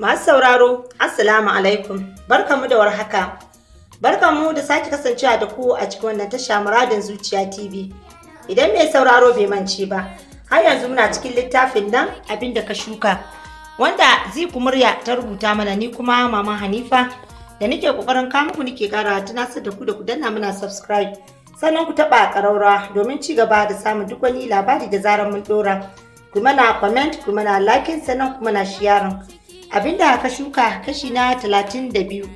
Masu sauraro, Assalamu alaikum, barka mu da warhaka. mu da sake kasancewa da ku a cikin wannan tasha muradin zuciya TV. Idan mai sauraro bai mance ba, har yanzu muna cikin littafin nan abin da ka shuka. Wanda zai ku murya ta rubuta mana ni kuma Mama Hanifa da nake kokarin ka muku nake kara tunasar da ku da ku danna muna subscribe. Sannan ku taba ƙaraura domin ci gaba da samun duk wani labari da zarar mun dora. Ku mana comment, ku mana like sannan ku mana sharing. abinda ka shuka kashi na talatin da biyu.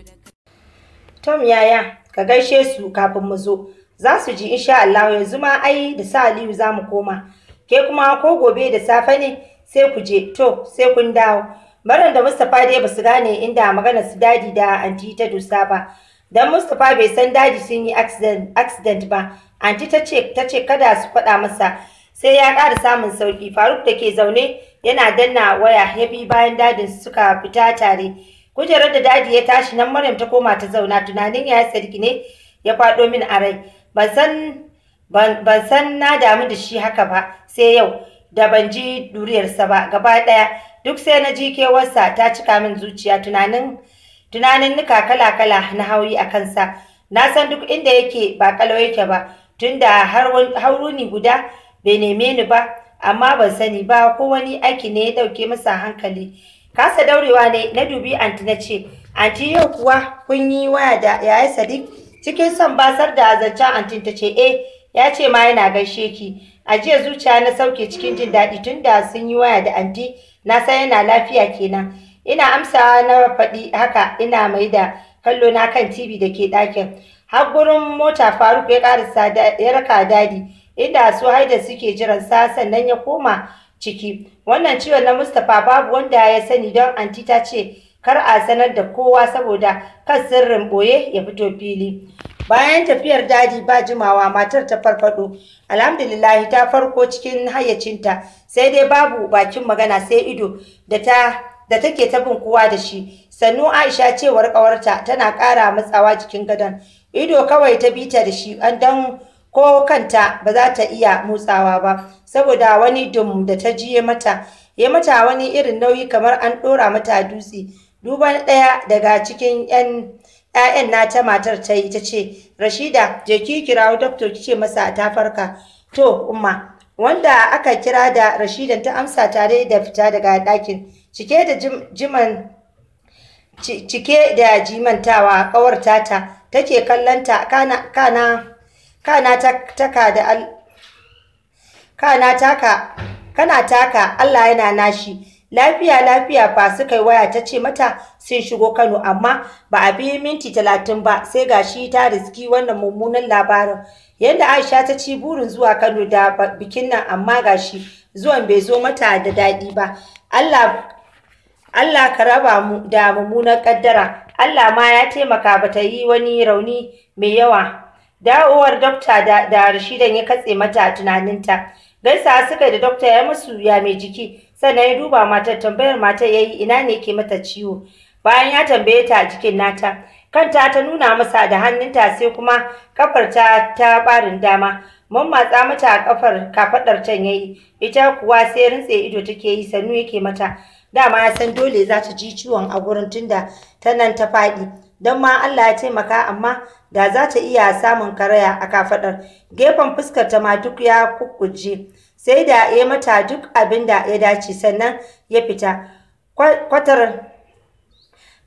Tom yaya ka gaishe su kafin mu zo za su ji insha Allah yanzu ma ai da sa Aliyu za mu koma ke kuma ko gobe da safe ne sai ku je to sai kun dawo Maran da Mustapha dai basu gane inda maganar su dadi da anti ta dusa ba dan Mustapha bai san dadi sun yi accident ba anti ta ce ta ce kada su faɗa masa sai ya ƙara samun sauki Faruk da ke zaune yana danna waya ya bi bayan dadin suka fita tare kujerar da dadi ya tashi nan maryam ta koma ta zauna tunanin ya sarki ne ya faɗo min a rai ban san ban san na damu da shi haka ba sai yau da ban ji duriyarsa ba gaba ɗaya duk sai na ji kewarsa ta cika min zuciya tunanin tunanin nuka kala-kala na hauri a kansa na san duk inda yake ba kalau yake ba tunda har hauruni guda bai neme ni ba amma ban sani ba ko wani aiki ne ya dauke masa hankali kasa daurewa ne na dubi anti na ce anti yau kuwa kun yi waya da yaya sadiq cikin son basar da zancen anti ta ce eh ya ce ma yana gaishe ki a jiya zuciya na sauke cikin jin daɗi tun da sun yi waya da anti na san yana lafiya kenan ina amsa na faɗi haka ina mai da kallo na kan tv da ke ɗakin har gurin mota faruk ya ƙarisa ya raka dadi inda su haida suke jiran sa sannan ya koma ciki wannan ciwon na mustapha babu wanda ya sani don anti ta ce kar a sanar da kowa saboda kan sirrin boye ya fito fili bayan tafiyar daji ba jimawa matar ta farfado Alhamdulillahi ta farko cikin hayyacinta sai dai babu bakin magana sai ido da ta da take ta bin kowa da shi sannu aisha cewar kawarta tana ƙara matsawa jikin gadon ido kawai ta bita da shi an dan ko kanta ba za ta iya motsawa ba saboda wani dum da ta jiye mata ya mata wani irin nauyi kamar an ɗora mata dutse duban ɗaya daga cikin 'yan na nata matar ta yi ta ce rashida je ki kirawo doktor kice masa ta farka to umma wanda aka kira da rashidan ta amsa tare da fita daga ɗakin cike da jiman cike da jimantawa kawar tata take kallanta kana kana kana taka kana taka Allah yana nashi lafiya lafiya fa suka waya ta ce mata sun shigo Kano amma ba a bi minti talatin ba sai gashi ta riski wannan mummunan labarin yanda Aisha ta ci burin zuwa Kano da bikin nan amma gashi zuwan bai zo mata da dadi ba Allah Allah ka raba mu da mummunar kaddara Allah ma ya taimaka bata yi wani rauni mai yawa Da'uwar dokta da Rashidan ya katse mata tunaninta. Gaisa suka da dokta ya musu ya mai jiki, sannan ya duba mata, tambayar mata ya yi ina ne ke mata ciwo. Bayan ya tambaye ta a jikin nata, kanta ta nuna masa da hannunta sai kuma kafar ta ta barin dama. Mun matsa mata a kafar kafaɗar can yayi, ita kuwa sai rintse ido take yi sannu yake mata. Dama ya san dole za ta ji ciwon a gurin tunda ta nan ta faɗi. don ma Allah ya taimaka amma da za ta iya samun karaya a kafaɗar gefen fuskar ta ma duk ya kukkuje sai da ya mata duk abin da ya dace sannan ya fita kwatar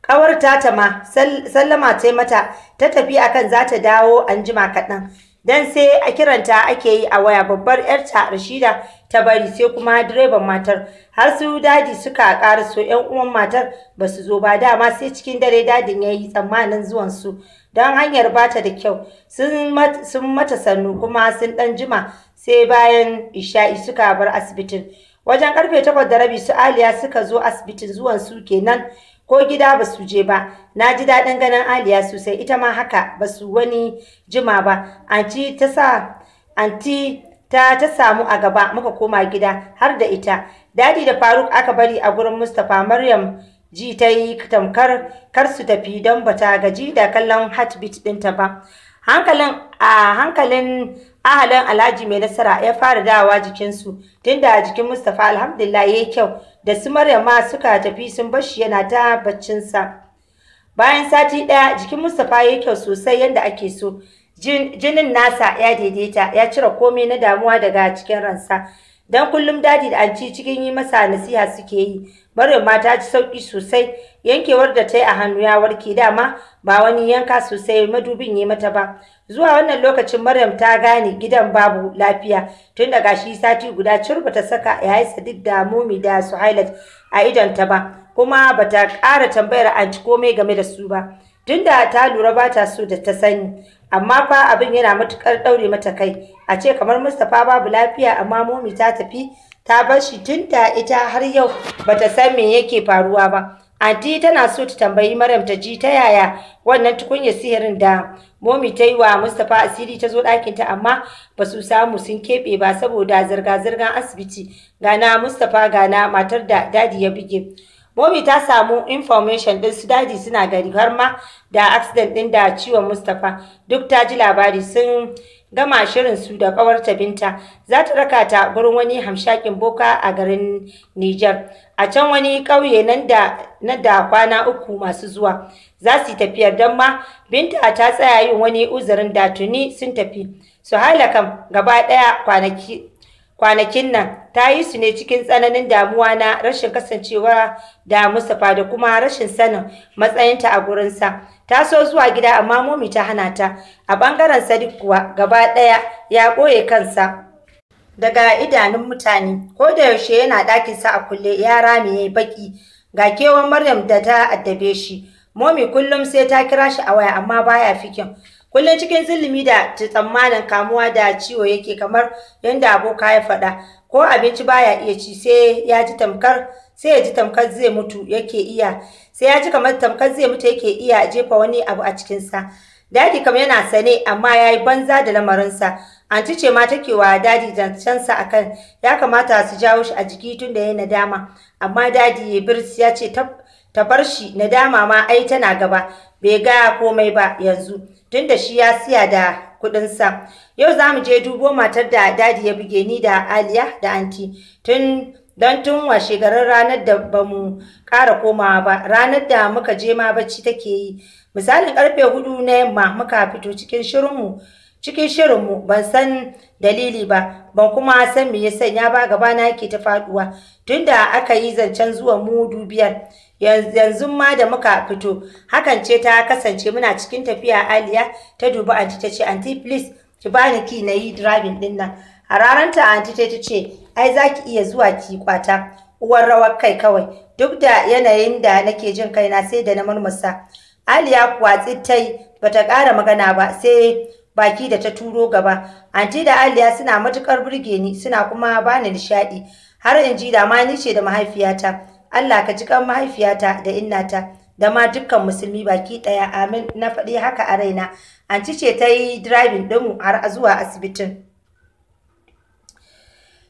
kawar ta ma sallama ta mata ta tafi akan za ta dawo anjima kaɗan dan sai a kiranta ake yi a waya babbar yarta Rashida ta bari sai kuma direban matar har su dadi suka so yan uwan matar ba su zo ba dama sai cikin dare dadin ya yi tsammanin zuwan su don hanyar bata da kyau sun mata sannu kuma sun dan jima sai bayan isha'i suka bar asibitin wajen karfe takwas da rabi su aliya suka zo asibitin zuwan su kenan ko gida ba su je ba na ji daɗin ganin aliya sosai ita ma haka ba su wani jima ba anti ta sa anti ta ta samu a gaba muka koma gida har da ita dadi da faruk aka bari a gurin mustapha maryam ji ta yi tamkar kar su tafi don bata gaji da kallon heartbeat ɗinta ba hankalin a hankalin ahalin alhaji mai nasara ya fara dawa jikinsu tunda jikin mustapha alhamdulillah ya yi kyau da su Maryam ma suka tafi sun bar shi yana ta baccinsa bayan sati ɗaya jikin mustapha ya kyau sosai yadda ake so jinin nasa ya daidaita ya cire komai na damuwa daga cikin ransa dan kullum dadi da anci cikin yi masa nasiha suke yi Maryam ma ta ji sauki sosai yankewar da ta yi a hannu ya warke dama ba wani yanka sosai madubin yi mata ba zuwa wannan lokacin Maryam ta gane gidan babu lafiya tun daga shi sati guda cirba ta saka ya yi duk da mumi da Suhailat a idon ta ba kuma ba ta ƙara tambayar anci komai game da su ba tunda ta lura ba ta so da ta sani amma fa abin yana matukar ɗaure mata kai a ce kamar mustapha babu lafiya amma momi ta tafi ta bar shi tun ta ita har yau bata san me yake faruwa ba anti tana so ta tambayi maryam ta ji ta yaya wannan tukunyar sihirin da momi ta yi wa mustapha asiri ta zo ɗakinta amma ba su samu sun keɓe ba saboda zirga-zirgar asibiti gana mustapha gana matar da dadi ya buge mobi ta samu information din su daji suna gari har ma da accident din da ciwon Mustapha duk ta ji labari sun gama shirin su da kawarta binta za ta raka ta gurin wani hamshakin boka a garin Niger a can wani kauye nan da na da kwana uku masu zuwa za su tafiyar dan ma binta ta tsaya yin wani uzurin da tuni sun tafi su halaka gaba ɗaya kwanaki kwanakin nan ta yi su ne cikin tsananin damuwa na rashin kasancewa da Mustapha da kuma rashin sanin matsayinta a gurinsa. Ta so zuwa gida amma momi ta hana ta. A ɓangaren Sadiq kuwa gaba ɗaya ya ɓoye kansa daga idanun mutane. Ko da yaushe yana ɗakinsa a kulle ya rame ya baƙi ga kewan Maryam da ta addabe shi. Momi kullum sai ta kira shi a waya amma baya fikin. Kullum cikin zulumi da tsammanin kamuwa da ciwo yake kamar yadda aboka ya faɗa. ko abinci baya iya ci sai ya ji tamkar sai ya ji tamkar zai mutu yake iya sai ya ji kamar tamkar zai mutu yake iya jefa wani abu a cikinsa dadi kam yana sane amma ya yi banza da lamarinsa anti ce ma take wa dadi jancensa akan ya kamata su jawo shi a jiki tun da ya nadama amma dadi ya birsi ya ce ta bar shi nadama ma ai tana gaba bai ga komai ba yanzu tun da shi ya siya da sa Yau za mu je dubo matar da dadi ya buge ni da Aliya da anti tun don tun washe garin ranar da ba mu ƙara komawa ba ranar da muka je ma bacci take yi misalin karfe hudu na yamma muka fito cikin shirinmu cikin shirinmu ban san dalili ba ban kuma san me ya sanya ba gaba na yake ta faduwa tunda aka yi zancen zuwa mu dubiyar yanzu ma da muka fito hakan ce ta kasance muna cikin tafiya aliya ta dubi anti ta ce anti please ki bani ki na yi driving din nan a raranta anti ta ce ai za ki iya zuwa ki kwata uwar rawar kai kawai duk da yanayin da nake jin kaina sai da na murmusa aliya kuwa tsittai bata ƙara magana ba sai baki da ta turo gaba anti da aliya suna matukar burge ni suna kuma bani nishaɗi har in ji da ma ni ce da mahaifiyata Allah ka ji kan mahaifiyata da innata da ma dukkan musulmi baki ɗaya amin na faɗi haka a raina an ci ce ta yi driving ɗinmu har zuwa asibitin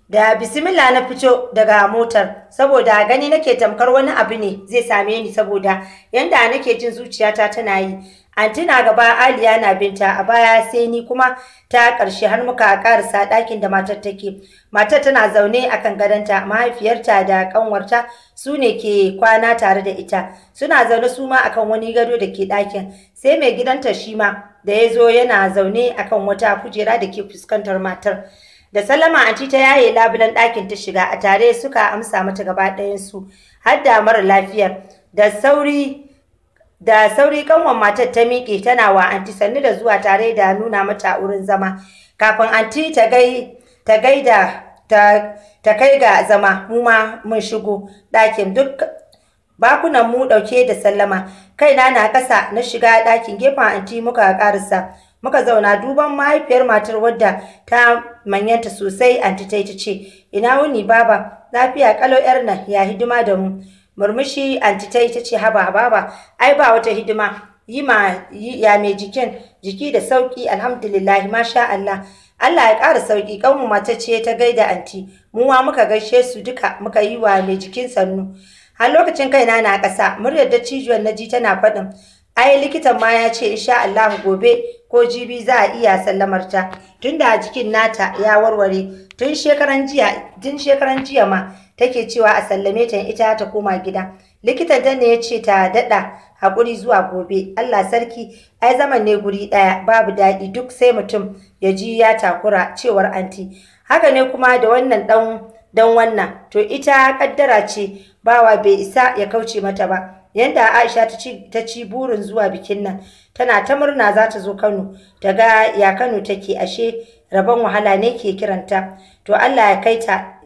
da bisimila na fito daga motar saboda gani nake tamkar wani abu ne zai same ni saboda yanda nake jin zuciyata tana yi Anti na gaba Aliya na binta a baya sai ni kuma ta ƙarshe har muka sa ɗakin da matar take. Matar tana zaune akan kan gadonta mahaifiyarta da ƙanwarta su ne ke kwana tare da ita. Suna zaune su ma akan wani gado da ke ɗakin. Sai mai gidanta shi ma da ya zo yana zaune akan wata kujera da ke fuskantar matar. Da salama anti ta yaye labulan ɗakin ta shiga a tare suka amsa mata gaba ɗayansu har da mara lafiyar. Da sauri Da sauri kanwan matar ta miƙe tana wa anti sannu da zuwa tare da nuna mata wurin zama. Kafin anti ta gai ta gaida ta ta kai ga zama mu ma mun shigo ɗakin duk bakunan mu ɗauke da sallama kaina na ƙasa na shiga ɗakin gefen anti muka ƙarisa muka zauna duban mahaifiyar matar wadda ta manyanta sosai anti ta ce ina wuni baba lafiya kalau yar nan ya hidima da mu murmushi anti ta ita ce haba baba ai ba wata hidima yi ma ya mai jikin jiki da sauki alhamdulillah masha Allah Allah ya ƙara sauki kanmu mata ce ta gaida anti wa muka gaishe su duka muka yi wa mai jikin sannu har lokacin kaina na ƙasa muryar da cijiyar na ji tana faɗin ai likitan ma ya ce insha Allah gobe ko jibi za a iya sallamar ta tunda jikin nata ya warware tun shekaran jiya tun shekaran jiya ma take cewa a sallame ta ita ta koma gida likitan ta ne ya ce ta dada hakuri zuwa gobe Allah sarki ai zaman ne guri ɗaya babu daɗi duk sai mutum ya ji ya takura cewar anti haka ne kuma da wannan dan dan wannan to ita kaddara ce bawa bai isa ya kauce mata ba yanda Aisha ta ci ta ci burin zuwa bikin nan tana ta murna za ta zo Kano ta ga ya Kano take ashe rabon wahala ne ke kiranta to Allah ya kaita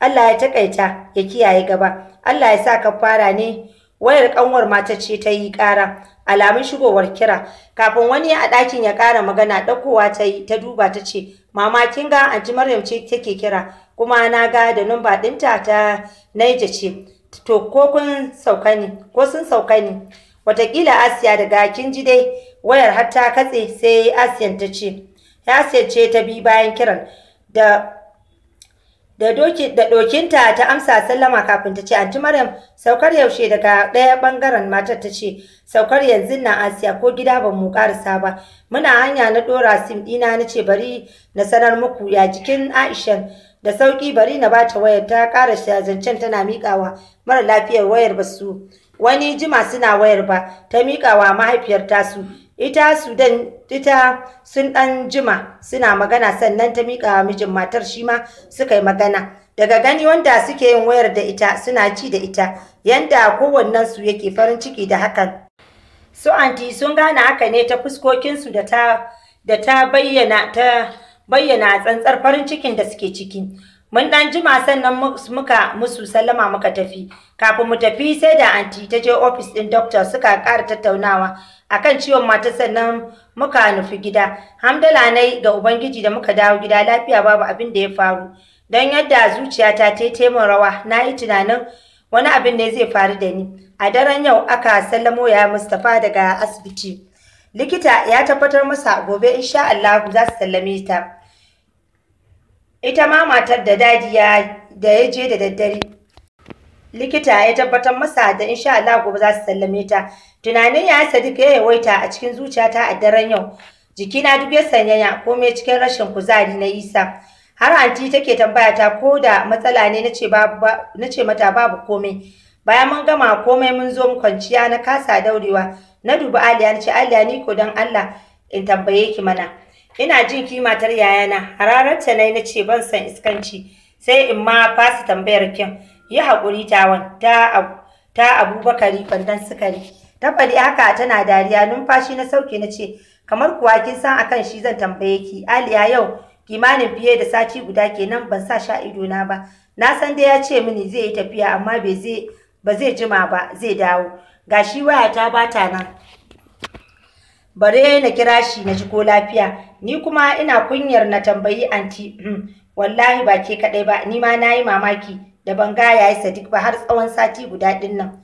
Allah ya takaita ya kiyaye gaba Allah ya sa ka fara ne wayar kanwar mata ce ta yi ƙara alamun shigowar kira kafin wani a ɗakin ya ƙara magana ɗaukowa ta yi ta duba ta ce mama kin ga anti maryam ce take kira kuma na ga da numba ɗinta ta naija ce to ko kun sauka ne ko sun sauka ne watakila asiya daga kin ji dai wayar har ta katse sai asiyan ta ce ce ta bi bayan kiran da da doki da ɗokinta ta amsa sallama kafin ta ce anti maryam saukar yaushe daga ɗaya ɓangaren matar ta ce saukar yanzu na asiya ko gida ban mu sa ba muna hanya na dora sim ɗina na ce bari na sanar muku ya jikin Aisha da sauki bari na ba ta wayar ta ƙara zancen tana miƙawa mara lafiyar wayar ba su wani jima suna wayar ba ta miƙawa mahaifiyar tasu ita sudan ita sun dan jima suna magana sannan ta mika mijin matar shi ma suka yi magana daga gani wanda suke yin wayar da ita suna ci da ita yanda kowannen su yake farin ciki da hakan su anti sun gane haka ne ta fuskokinsu da ta da ta bayyana ta bayyana tsantsar farin cikin da suke ciki Mun ɗan jima sannan muka musu sallama muka tafi. Kafin mu tafi sai da anti ta je ofis ɗin doctor suka ƙara tattaunawa akan ciwon mata sannan muka nufi gida. Hamdala na ga Ubangiji da muka dawo gida lafiya babu abin da ya faru. Don yadda zuciyata ta yi rawa na yi tunanin wani abin ne zai faru da ni. A daren yau aka sallamo ya Mustapha daga asibiti. Likita ya tabbatar masa gobe insha Allah za su sallame ta. ita ma matar da dadi ya da ya je da daddare likita ya tabbatar masa da insha Allah gobe za su sallame ta tunanin ya Sadiq ya yawaita a cikin zuciyata a daren yau jikina duk ya sanyaya komai cikin rashin kuzari na Isa har anti take tambaya ta ko da matsala ne nace babu nace mata babu komai bayan mun gama komai mun zo mu kwanciya na kasa daurewa na dubi Aliya nace Aliya ni ko dan Allah in tambaye ki mana ina jin ki matar yayana hararta nayi na ce ban san iskanci sai in ma fasa tambayar kin yi haƙuri tawan ta ta abubakari bandan sukari ta faɗi haka tana dariya numfashi na sauke na ce kamar kuwa kin san akan shi zan tambaye ki aliya yau kimanin fiye da sati guda kenan ban sa sha ido na ba na san dai ya ce mini zai yi tafiya amma ba zai jima ba zai dawo gashi waya ta bata nan bare na kira shi na ji ko lafiya ni kuma ina kunyar na tambayi anti hmm, wallahi ba ke kadai ba ni ma nayi mamaki da ban ga yayi Sadiq ba har tsawon sati guda din nan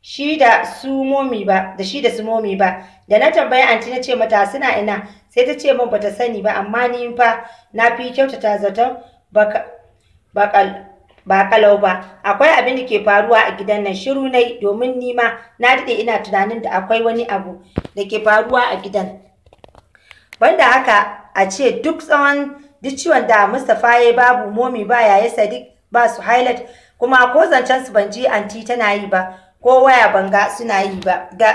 shi da su momi ba da shi da su momi ba da na tambayi anti na ce mata suna ina sai ta ce min bata sani ba amma ni fa na fi kyautata zaton baka bakal ba kalau ba akwai abin da ke faruwa a gidan nan shiru nai domin nima na dade ina tunanin da akwai wani abu da ke faruwa a gidan banda haka a ce duk tsawon duk ciwon da Mustapha ya babu momi ba yaya Sadiq ba su highlight kuma ko zancen su ban ji anti tana yi ba ko waya banga suna yi ba ga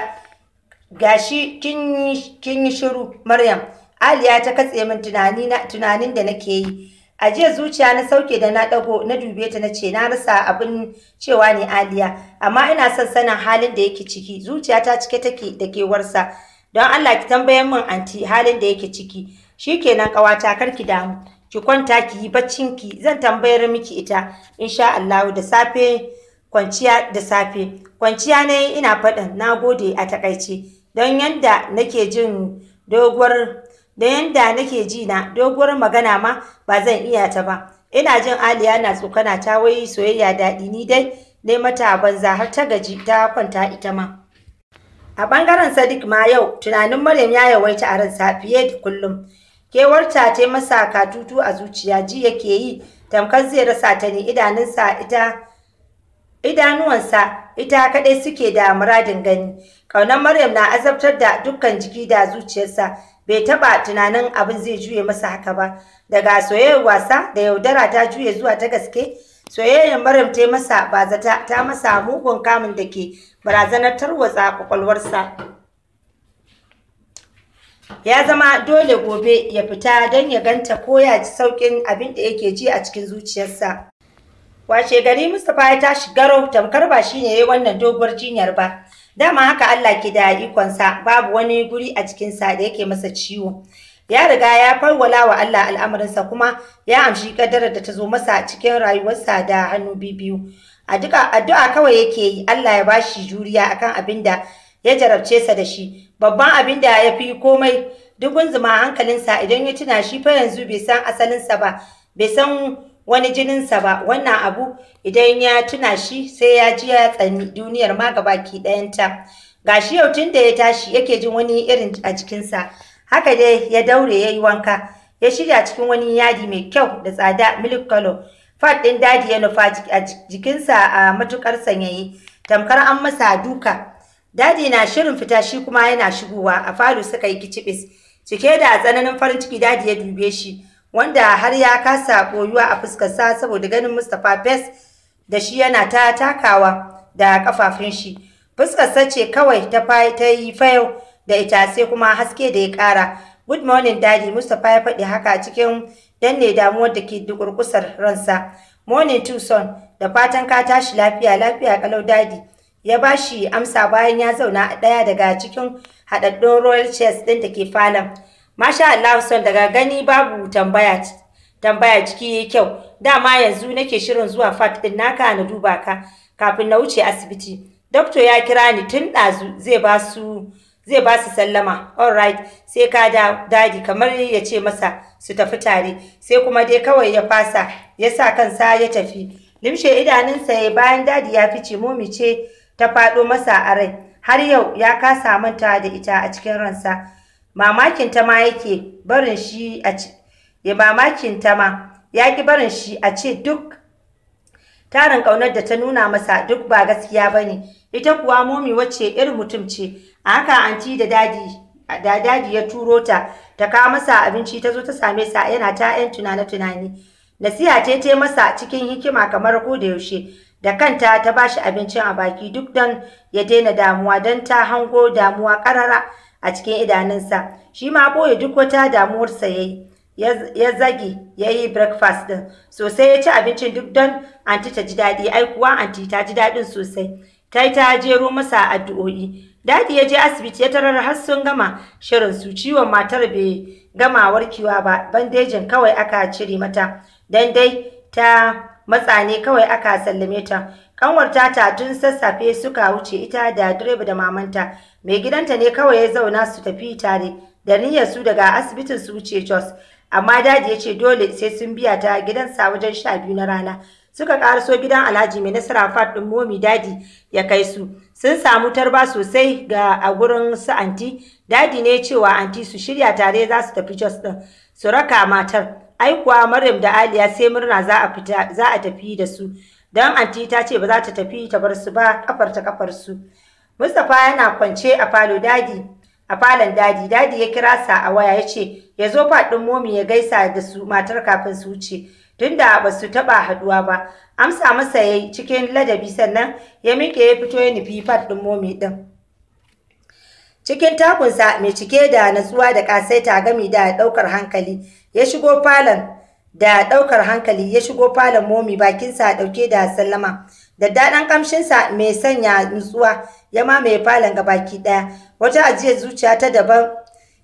gashi kin kin yi shiru Maryam Aliya ta katse min tunani na tunanin da nake yi a jiya zuciya na sauke da na ɗago na dube ta na ce na rasa abin cewa ne aliya amma ina son sanin halin da yake ciki zuciya ta cike take da kewarsa don allah ki tambayan min anti halin da yake ciki Shi kenan ƙawata kar ki damu ki kwanta ki yi baccin ki zan tambayar miki ita insha allahu da safe kwanciya da safe kwanciya ne ina faɗin na gode a takaice don yanda nake jin doguwar da yanda nake ji na doguwar magana ma ba zan iya ta ba ina jin aliya na tsokana ta wai soyayya daɗi ni dai ne mata banza har ta gaji ta kwanta ita ma a ɓangaren sadiq ma yau tunanin maryam ya yawaita a ransa fiye da kullum kewarta ta masa katutu a zuciya ji yake yi tamkar zai rasa ta ne idanunsa ita idanuwansa ita kaɗai suke da muradin gani Kaunar Maryam na azabtar da dukkan jiki da zuciyarsa bai taɓa tunanin abin zai juye masa haka ba. Daga soyayyar wasa da yaudara ta juye zuwa ta gaske, soyayyar Maryam ta masa bazata ta masa mugun kamun da ke barazanar tarwatsa kwakwalwarsa. Ya zama dole gobe ya fita don ya ganta ko ya ji sauƙin abin da yake ji a cikin zuciyarsa. Washe gari Mustapha ya tashi garo tamkar ba shine yi wannan doguwar jinyar ba. Dama haka Allah ke da ikonsa babu wani guri a sa da yake masa ciwo. Ya riga ya farwala wa Allah al'amarinsa kuma ya amshi kaddarar da ta zo masa cikin rayuwarsa da hannu biyu. Addu'a kawai yake yi Allah ya bashi juriya akan abin da ya jarabce sa da shi. Babban abin da ya fi komai dugun zuma hankalinsa idan ya tuna shi fa yanzu bai san asalinsa ba, bai san wani jininsa ba wannan abu idan ya tuna shi sai ya ji ya tsani duniyar ma ki ɗayanta gashi yau tun da ya tashi yake jin wani irin a jikinsa haka dai ya daure ya yi wanka ya shirya cikin wani yadi mai kyau da tsada milk color fat ɗin dadi ya nufa a jikinsa a matukar sanyayi tamkar an masa duka dadi na shirin fita shi kuma yana shigowa a falo suka yi kicibis cike da tsananin farin ciki dadi ya dube shi wanda har ya kasa koyuwa a fuskarsa saboda ganin Mustapha Fes da shi yana ta takawa da kafafun shi. Fuskarsa ce kawai ta yi fayo da ita sai kuma haske da ya ƙara. Good morning daddy Mustapha ya faɗi haka cikin danne damuwar da ke dukurkusar ransa. Morning too son da fatan ka tashi lafiya lafiya kalau daddy. Ya ba shi amsa bayan ya zauna a ɗaya daga cikin haɗaɗɗun Royal Chess ɗin da ke falon. Masha Allah son daga gani babu tambaya tambaya ciki yayi kyau. Dama yanzu nake shirin zuwa fat din naka na duba ka kafin na wuce asibiti. doctor ya kira ni tun ɗazu zai ba su zai ba su sallama all right sai ka da dadi kamar ya ce masa su tafi tare sai kuma dai kawai ya fasa ya sa kansa ya tafi limshe idanunsa ya bayan dadi ya fice momi ce ta faɗo masa a rai har yau ya kasa manta da ita a cikin ransa mamakin ta ma yake barin shi a ya mamakin ta ma ya ki barin shi a ce duk tarin kaunar da ta nuna masa duk ba gaskiya ba ne ita kuwa momi wacce irin mutum ce a haka anti da dadi da dadi ya turo ta ta kawo masa abinci ta zo ta same sa yana ta yan tunane tunani nasiha ta ta masa cikin hikima kamar ko da yaushe da kanta ta bashi abincin a baki duk don ya daina damuwa don ta hango damuwa karara a cikin idanunsa shi ma ɓoye duk wata damuwarsa ya yi ya zage ya yi breakfast din sosai ya ci abincin duk don anti ta ji daɗi ai kuwa anti ta ji daɗin sosai ta yi ta jero masa addu'o'i Daɗi ya je asibiti ya tarar har sun gama shirin su ciwon matar bai gama warkewa ba bandejin kawai aka cire mata dan dai ta matsa ne kawai aka sallame ta Kanwar tata tun sassafe suka wuce ita da direba da mamanta. Mai gidanta ne kawai ya zauna su tafi tare da niyyar su daga asibitin su wuce Jos. Amma daji ya ce dole sai sun biya ta gidansa wajen sha biyu na rana. Suka ƙaraso gidan Alhaji mai nasara fat ɗin momi dadi ya kai su. Sun samu tarba sosai ga a gurin su anti. Dadi ne cewa anti su shirya tare za su tafi Jos ɗin. Su raka matar. Aikuwa Maryam da Aliya sai murna za a tafi da su. don anti ta ce ba za ta tafi ta bar su ba kafar ta kafar su mustapha yana kwance a falo dadi a falon dadi dadi ya kira sa a waya ya ce ya zo faɗin momi ya gaisa da su matar kafin su wuce tunda ba su taɓa haɗuwa ba amsa masa yayi cikin ladabi sannan ya miƙe ya fito ya nufi faɗin momi ɗin cikin takunsa mai cike da natsuwa da ƙasaita gami da ɗaukar hankali ya shigo falon da ɗaukar hankali ya shigo falon momi bakinsa ɗauke da sallama da daɗin ƙamshinsa mai sanya nutsuwa ya mamaye falon ga baki ɗaya wata ajiyar zuciya ta daban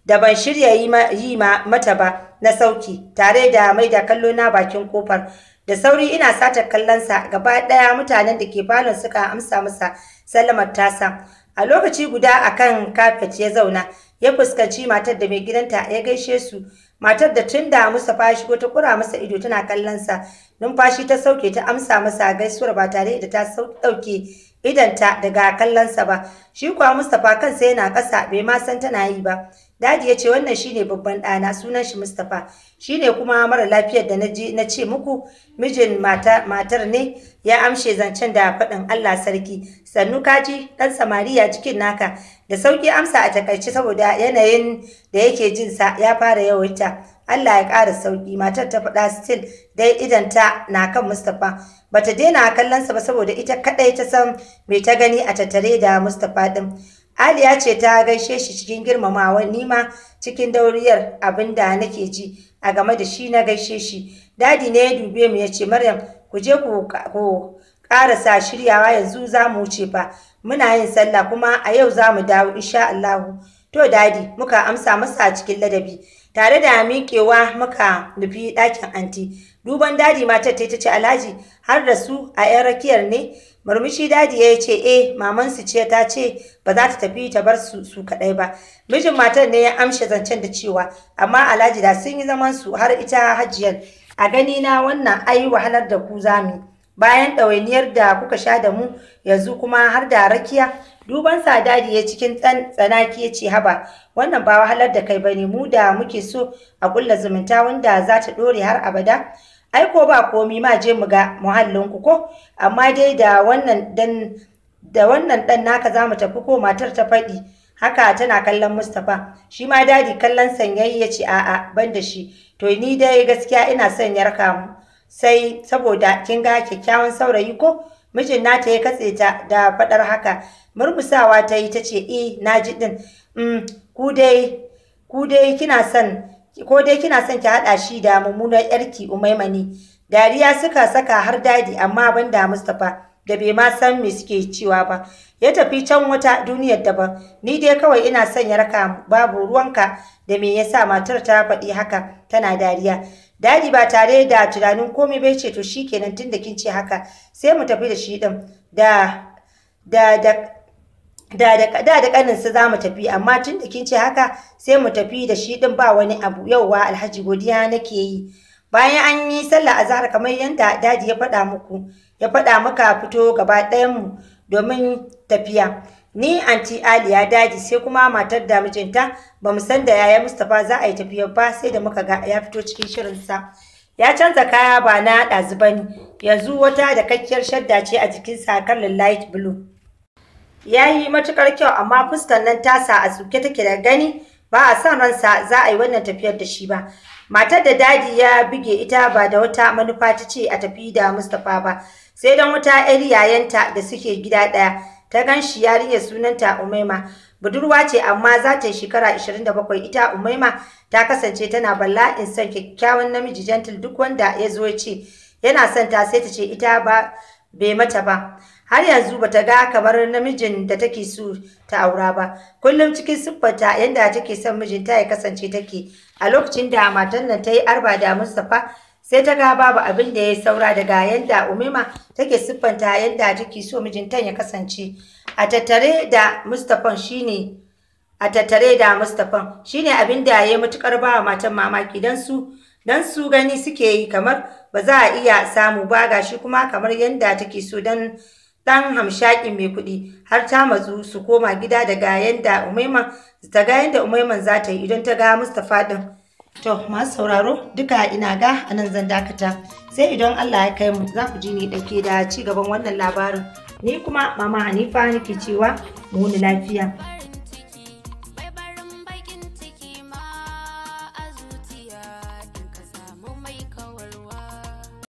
da ban shirya yi ma mata ba na sauki tare da mai da kallo na bakin kofar da sauri ina sata kallonsa gaba ɗaya mutanen da ke falon suka amsa masa sallamar tasa a lokaci guda akan kafet ya zauna ya fuskanci matar da mai gidanta ya gaishe su matar da tun da Mustapha ya shigo ta kura masa ido tana kallon sa numfashi ta sauke ta amsa masa gaisuwar ba tare da ta sauke idanta daga kallonsa ba shi kuwa mustapha kansa yana ƙasa bai ma san tana yi ba Dadi yace wannan shine babban ɗana sunan shi mustapha shine kuma mara lafiyar da na ce muku mijin matar ne ya amshe zancen da faɗin allah sarki sannu kaji ɗan samariya cikin naka da sauƙi amsa a takaice saboda yanayin da yake jinsa ya fara yawaita Allah ya ƙara sauki matar ta faɗa still dai ta na kan Mustapha bata daina kallonsa ba saboda ita kadai ta san me ta gani a tattare da Mustapha din Aliya ce ta gaishe shi cikin girmamawa ni ma cikin dauriyar abinda nake ji a game da shi na gaishe shi dadi ne ya dube mu ya ce Maryam ku je ku Ƙara sa shiryawa yanzu za mu wuce fa muna yin sallah kuma a yau za mu dawo insha Allah to dadi muka amsa masa cikin ladabi tare da miƙewa muka nufi ɗakin anti duban dadi matar ta ce alhaji har da su a 'yan rakiyar ne murmushi dadi ya ce eh mamansu ce ta ce ba za ta tafi ta bar su su kaɗai ba mijin matar ne ya amshe zancen da cewa amma alhaji da sun yi zaman su har ita hajiyar a gani na wannan ai wahalar da ku zamu bayan ɗawainiyar da kuka sha da mu yanzu kuma har da rakiya Duban sa Sadadi ya cikin tsanaki ya ce haba wannan ba wahalar da kai bane mu da muke so a kulla zumunta wanda za ta dore har abada. Ai ko ba komi ma je mu ga muhallinku ko amma dai da wannan dan da wannan dan naka za mu tafi ko matar ta faɗi haka tana kallon Mustapha shi ma dadi kallon sanyayi ya ce a'a ban da shi to ni dai gaskiya ina son yarka mu sai saboda kin ga kyakkyawan saurayi ko Mijin nata ya katse ta da faɗar haka. Murmusawa ta yi ta ce, e na ji ɗin, mm, ku dai, kina son, ko dai kina son ki haɗa shi da mummunar ‘yarki umaimani Dariya suka saka har dadi amma banda Mustapha da bai ma san me suke cewa ba. Ya tafi can wata duniyar daban. Ni dai kawai ina son ya raka babu ruwanka da me yasa matar ta faɗi haka tana dariya. Dadi ba tare da tunanin komai bai ce to shikenan tunda kin ce haka sai mu tafi da shi din da da da da da da da kaninsa su zamu tafi amma tun da kin ce haka sai mu tafi da shi din ba wani abu yauwa alhaji godiya nake yi bayan an yi sallah azhar kamar yadda dadi ya faɗa muku ya faɗa muka fito gaba ɗayan mu domin tafiya Ni anti ya daji sai kuma matar da mijinta ba mu san da yaya Mustapha za a yi tafiyar ba sai da muka ga ya fito cikin shirin sa Ya canza kaya ba na ɗazu ba ne, yanzu wata da kakkiyar shadda ce a jikin sakar light blue. Ya yi matuƙar kyau amma fuskar nan tasa a tsuke take da gani ba a son ransa za a yi wannan tafiyar da shi ba. Matar da dadi ya buge ita ba da wata manufa ta ce a tafi da Mustapha ba, sai don wata 'yar yayanta da suke gida ɗaya. ta gan shi yarinya sunanta Umaima budurwa ce amma za ta yi shekara 27 ita Umaima ta kasance tana bala'in son kyakkyawan namiji gentle duk wanda ya zo ce yana son ta sai ta ce ita ba bai mata ba har yanzu bata ga kamar namijin da take so ta aura ba kullum cikin siffarta yadda take son mijinta ya kasance take a lokacin da matan nan ta yi arba da Mustapha sai ta ga babu abin da ya saura daga yadda umima take siffanta yadda jiki so mijintan ya kasance a tattare da mustapha shine a tattare da shine abin da ya yi matukar ba matan mamaki don su don su gani suke yi kamar ba za a iya samu ba ga shi kuma kamar yadda take so don dan hamshakin mai kuɗi har ta matsu su koma gida daga yadda umaiman ta ga yadda umaiman za ta yi idan ta ga mustapha din To masu sauraro duka ina ga a nan zan dakata sai idan Allah ya kai mu za ku ji ni ɗauke da ci gaban wannan labarin ni kuma mama Hanifa nake cewa mu lafiya.